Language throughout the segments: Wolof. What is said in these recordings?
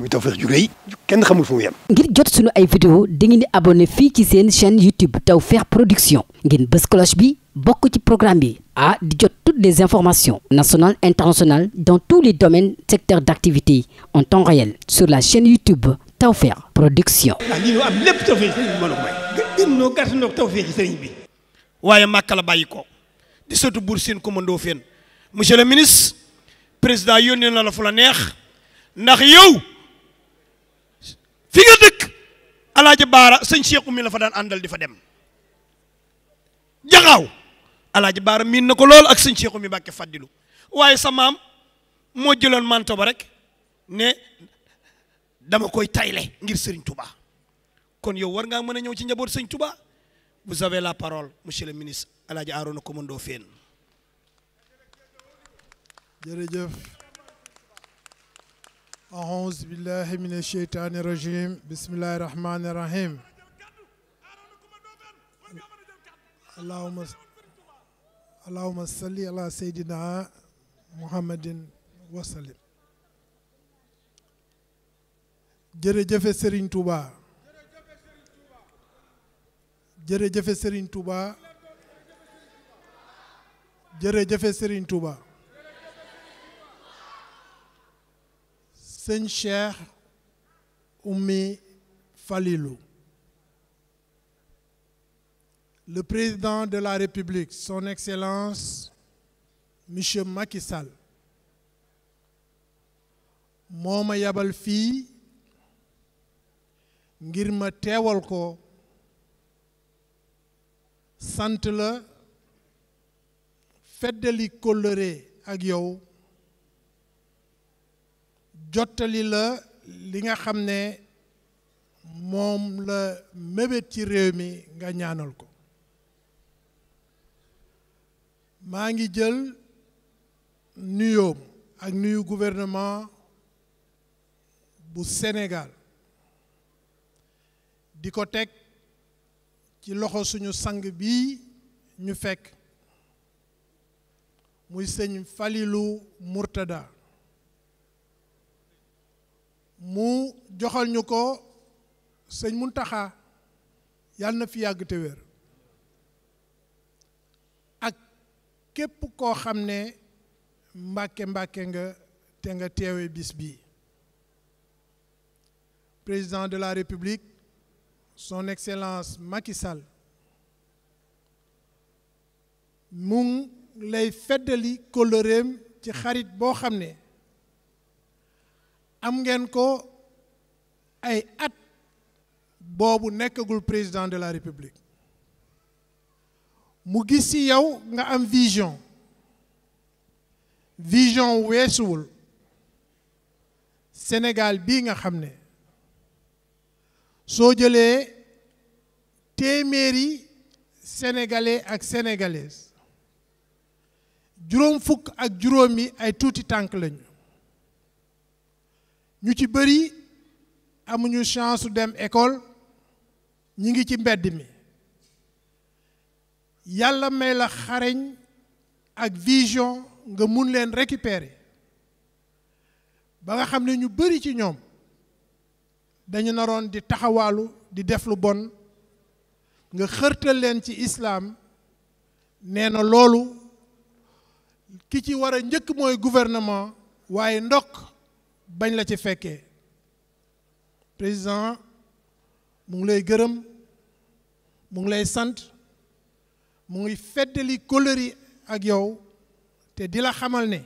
muy Tawfekh ju rëy kenn xamul fu mu yem. ngir jot sunu ay vidéo dangeen di abonné fii ci seen chaîne YouTube Tawfekh Production ngeen bës cloche bi bokk ci programme bi ah di jot toutes les informations nationales internationales dans tous les domaines secteurs d'activité en temps réel sur la chaîne YouTube Tawfekh Production. ah lii am lépp Tawfekh sëriñ bi mën a bi. waaye Màkka la bàyyi ko. di sotu buur seen commando fenn monsieur le ministre président yónnee na la fu la neex ndax fi nga dëkk alaaji baara sëñ Cheikh mi la fa daan àndal di fa dem jaxaaw alaaji baara miin na ko lool ak sëñ Cheikh mi Mbàkke fàddilu waaye sa maam moo jëloon manto ba rek ne dama koy tayle ngir sëriñ Touba kon yow war ngaa mën a ñëw ci njaboot sëñ Touba vous avez la parole monsieur le ministre alaaji Arouna Komando Fène jërëjëf ahousu billahi min asheytaani rajim bismillahi rahmaani rahim allahuma allahuma salli ala seydina muhammadin wasalim jërëjëfe sëriñ Touba jërëjëfe sëriñ Touba jërëjëfe sëriñ Touba sëñ Cheikh Oumy falilu le président de la République son excellence monsieur Macky Sall moo ma yabal fii ngir ma teewal ko sant la feddali kóllëre ak yow jottali la li nga xam ne moom la mébét ci réew mi nga ñaanal ko maa ngi jël nuyoom ak nuyu gouvernement bu senegal di ko teg ci loxo suñu sang bi ñu fekk muy sëñ falilu Mourtada mu joxal ñu ko sëñ Muntaxa yàlla na fi yàgg te wér ak képp koo xam ne mbàkke mbàkke nga te nga teewe bis bi président de la république son excellence makisal Sall mu lay feddali kóllëreem ci xarit boo xam ne am ngeen ko ay at boobu nekkagul président de la république mu gis ci yow nga am vision vision weesuwul Sénégal bii nga xam ne soo jëlee téeméeri sénégalais ak sénégalaises juróom fukk ak juróom yi ay tuuti tànk lañu ñu ci bëri amuñu chance dem école ñi ngi ci mbedd mi yàlla may la xareñ ak vision nga mun leen récupérer ba nga xam ne ñu bëri ci ñoom dañu naroon di taxawaalu di def lu bon nga xërtal leen ci islaam nee na loolu ki ci war njëkk mooy gouvernement waaye ndokk bañ la ci fekkee président mu ngi lay gërëm mu ngi lay sant mu ngi feddali kóllëre ak yow te di la xamal ne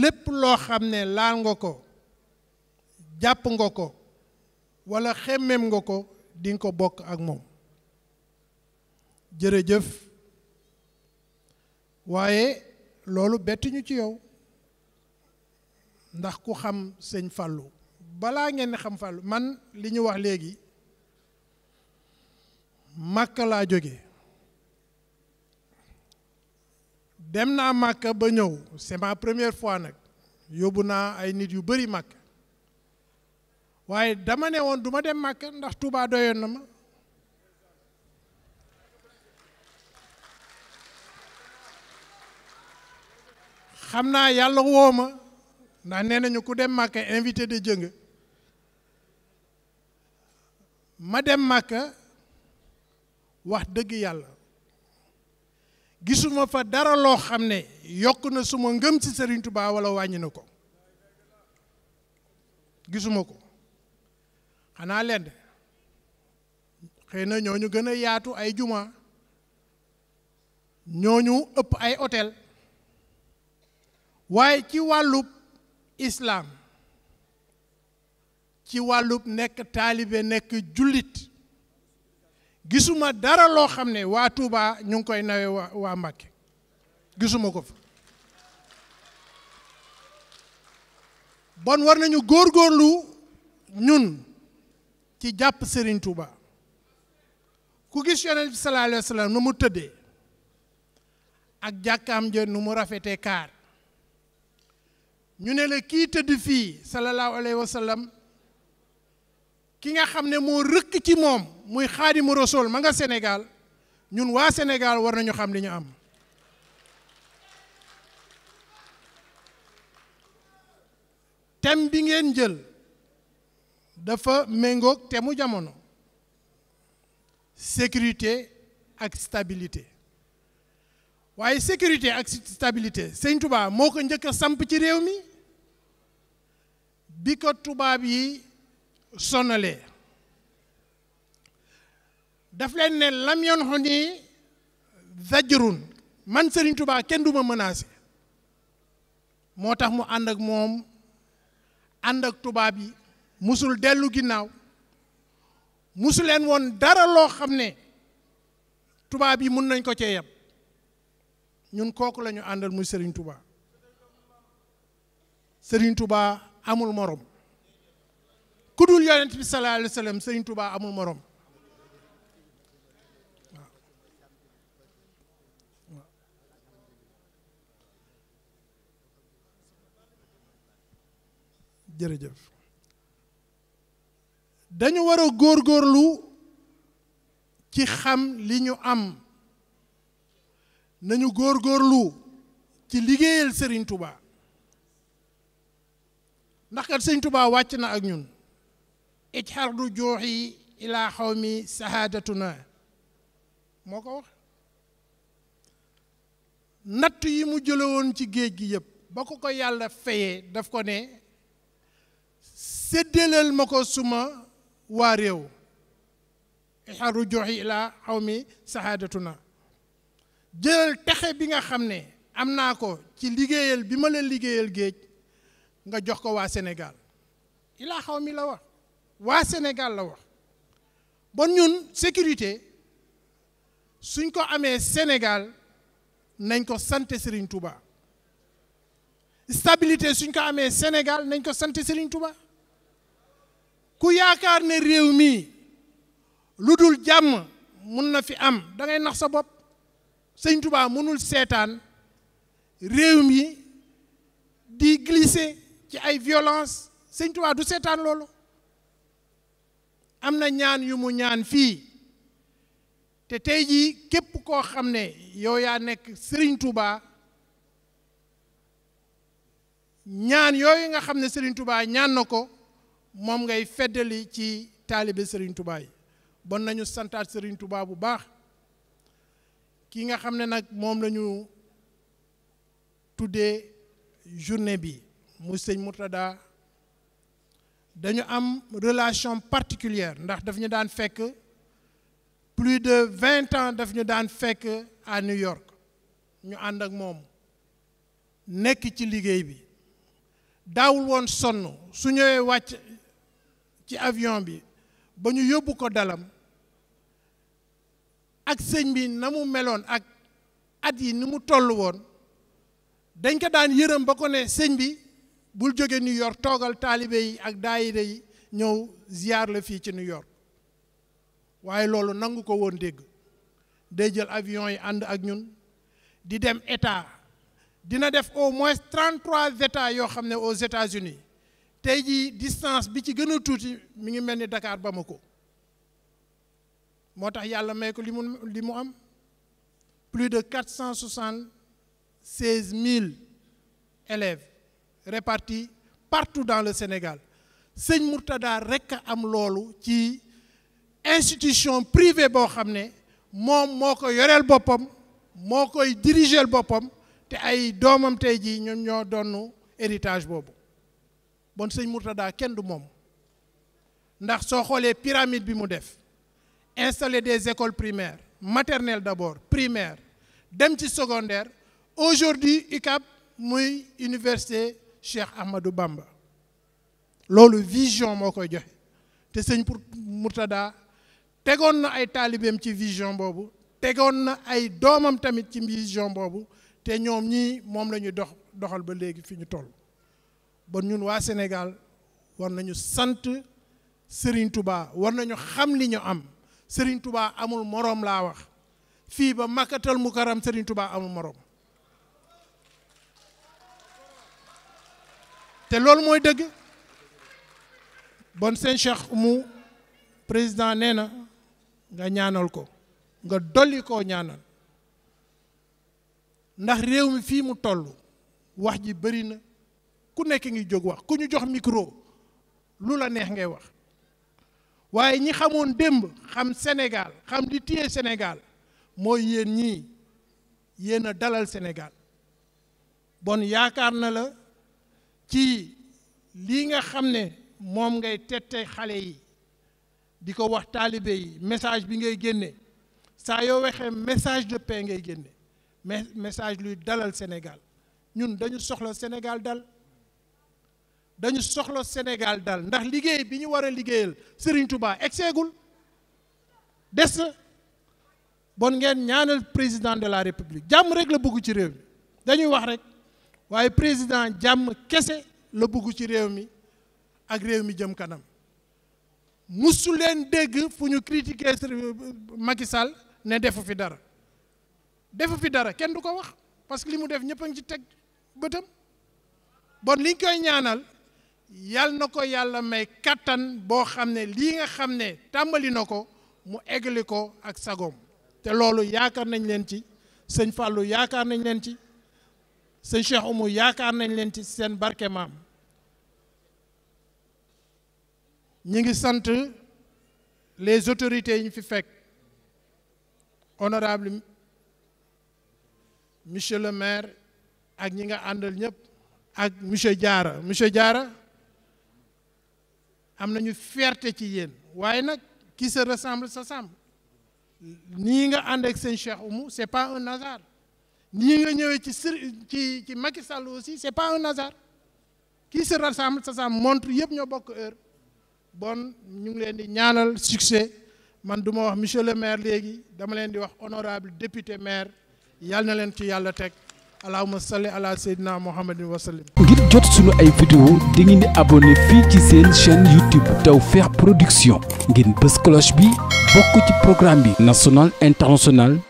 lépp loo xam ne laal nga ko jàpp nga ko wala xemmem nga ko di nga ko bokk ak moom jërëjëf waaye loolu bettuñu ci yow ndax ku xam sëñ Fallou balaa ngeen xam Fallou man li ñu wax léegi Màkka laa jóge dem naa Màkka ba ñëw c'est ma première fois nag yóbbu naa ay nit yu bari Màkka waaye dama ne woon duma dem màkk ndax Touba doyoon na ma xam naa yàlla woo ma ndax nee nañu ku dem màkka invité de jëng ma dem màkka wax dëgg yàlla gisuma fa dara loo xam ne yokk na suma ngëm ci Serigne Touba wala wàññi na ko gisuma ko xanaa lenn xëy na ñooñu gën a yaatu ay juma ñooñu ëpp ay hôtel waaye ci wàllub islaam ci wàllub nekk taalibe nekk jullit gisuma dara loo xam ne waa Touba ñu koy nawe waa waa gisuma ko fa bon war nañu góor góorgóorlu ñun ci jàpp Serigne Touba ku gis yonent bi sallallahu nu mu tëddee ak jàkkam ja nu mu rafetee kaar ñu ne la kii tëdd fii sallallahu alayhi wa sallam ki nga xam ne moo rëq ci moom muy xaadimu rasool ma nga Sénégal ñun waa senegaal war nañu xam li ñu am thème bi ngeen jël dafa méngoog thème mu jamono sécurité ak stabilité waaye sécurité ak stabilité sëñ Touba moo ko njëkk a samp ci réew mi bi ko tubaab yi sonalee daf leen ne lam yoon ni zajrun man sëriñ Touba kenn du ma menacé moo tax mu ànd ak moom ànd ak tubaab yi musul dellu ginnaaw musuleen woon dara loo xam ne tubaab yi mun nañ ko cee yem ñun kooku lañu ñu àndal muy Serigne Touba sëriñ tubaa amul morom ku dul yonent bi sallallahu alayhi wa sallam Serigne Touba amul morom jërëjëf dañu war a góor góorlu ci xam li ñu am nañu góor góorlu ci liggéeyal Serigne Touba ndax kat Serigne Touba wàcc na ak ñun ic xardu jooxi ilaa xaw saxaadatu sahaadatuna moo ko wax natt yi mu jële woon ci géej gi yëpp ba ko ko yàlla fayee daf ko ne séddaleel ma ko suma waa réew ixaru joxi ilaa xaw mi sahaadatuna jëlal texe bi nga xam ne am naa ko ci liggéeyal bi ma la liggéeyal géej nga jox ko waa Sénégal ilaa xaw mi la wax waa Sénégal la wax bon ñun sécurité suñ ko amee Sénégal nañ ko sant Serigne Touba stabilité suñ ko amee Sénégal nañ ko sant Serigne Touba ku yaakaar ne réew mi lu dul jàmm mun na fi am dangay nax sa bopp sëñ Touba mënul seetaan réew mi di glisser ci ay violence sëñ Touba du seetaan loolu am na ñaan yu mu ñaan fii te tey jii képp koo xam ne yow yaa nekk sëriñ Touba ñaan yooyu nga xam ne sëriñ Touba ñaan na ko moom ngay feddali ci taalibe Serigne Touba yi bon nañu santaat sëriñ tubaa bu baax ki nga xam ne nag moom lañu ñu tuddee journée bi mu sëñ Murtada dañu am relation particulière ndax daf ñu daan fekk plus de vingt ans daf ñu daan fekk à New York ñu ànd ak moom nekk ci liggéey bi daawul woon sonn su ñëwee wàcc ci avion bi ba ñu yóbbu ko dalam ak sëñ bi na mu meloon ak at yi ni mu toll woon dañ ko daan yërëm ba ko ne sëñ bi bul jóge New York toogal taalibe yi ak daayira yi ñëw ziyaar la fii ci New York waaye loolu nangu ko woon dégg day jël avion yi ànd ak ñun di dem état dina def au moins 33 états yoo xam ne aux États-Unis tey jii distance bi ci gën a tuuti mi ngi mel ni dakaar Dakar ko moo tax yàlla may ko li mu li mu am plus de quatre cent soixante seize mille élèves répartis partout dans le Sénégal sëñ Mourtada rekk a am loolu ci institution privée boo xam ne moom moo ko yoreel boppam moo koy dirigeel boppam te ay doomam tey jii ñoom ñoo donnu héritage boobu bon sëñ Mourtada kenn du moom ndax soo xoolee pyramide bi mu def installer des écoles primaires maternelles d'abord primaire dem ci secondaire aujourd'hui UCAB muy université Cheikh Ahmadou Bamba loolu vision moo koy joxe te sëñ pour Murtada tegoon na ay taalibeem ci vision boobu tegoon na ay doomam tamit ci vision boobu te ñoom ñii moom la ñu dox doxal ba léegi fi ñu toll bon ñun waa Sénégal war nañu sant Serigne Touba war nañu xam li ñu am Serigne Touba amul moroom laa wax fii ba makkatal mu karam Serigne Touba amul moroom te loolu mooy dëgg bon seen Cheikh mu président nee na nga ñaanal ko nga dolli koo ñaanal ndax réew mi fii mu toll wax ji bëri na ku nekk ngi jóg wax ku ñu jox mikro lu la neex ngay wax waaye ñi xamoon démb xam Sénégal xam di téye Sénégal mooy yéen ñii yéen a dalal Sénégal bon yaakaar na la ci lii nga xam ne moom ngay tette xale yi di ko wax taalibe yi message bi ngay génne saa yoo waxee message de paix ngay génne mais message luy dalal Sénégal ñun dañu soxla Sénégal dal dañu soxla Sénégal dal ndax liggéey bi ñu war a liggéeyal Serigne Touba egseegul des bon ngeen ñaanal président de la république jàmm rek la bëgg ci réew mi dañuy wax rek waaye président jàmm kese la bugg ci réew mi ak réew mi jëm kanam musu leen dégg fu ñu critiquer euh, Macky Sall ne defu fi dara defu fi dara kenn du ko wax parce que li mu def ñëpp a ngi ci teg bëtam bon li ñu koy ñaanal yal na ko yàlla may kàttan boo xam ne lii nga xam ne tàmbali na ko mu eggali ko ak sagoom te loolu yaakaar nañ leen ci sëñ fàllu yaakaar nañ leen ci sëñ Cheikh yaakaar nañ leen ci seen barke maam ñi ngi sant les autorités yi ñu fi fekk honorable monsieur le maire ak ñi nga àndal ñëpp ak monsieur Diarra monsieur Diarra am nañu fierté ci yéen waaye nag qui se ressemble s'assemble nii nga ànd ak seen Cheikh Oumou c'est pas un hasard nii nga ñëwee ci ci ci Macky Sall aussi c'est pas un hasard qui se ressemble s'assemble montre yëpp ñoo bokk heure bon ñu ngi leen di ñaanal succès man du ma wax monsieur le maire léegi dama leen di wax honorable député maire yàlla na leen ci yàlla teg allahuma salli ala sayyidina muhammadin wa sallim ngir jot sunu ay vidéo di ngeen di abonné fii ci seen chaîne YouTube Tawfekh Production ngeen bës cloche bi bokk ci programme bi national international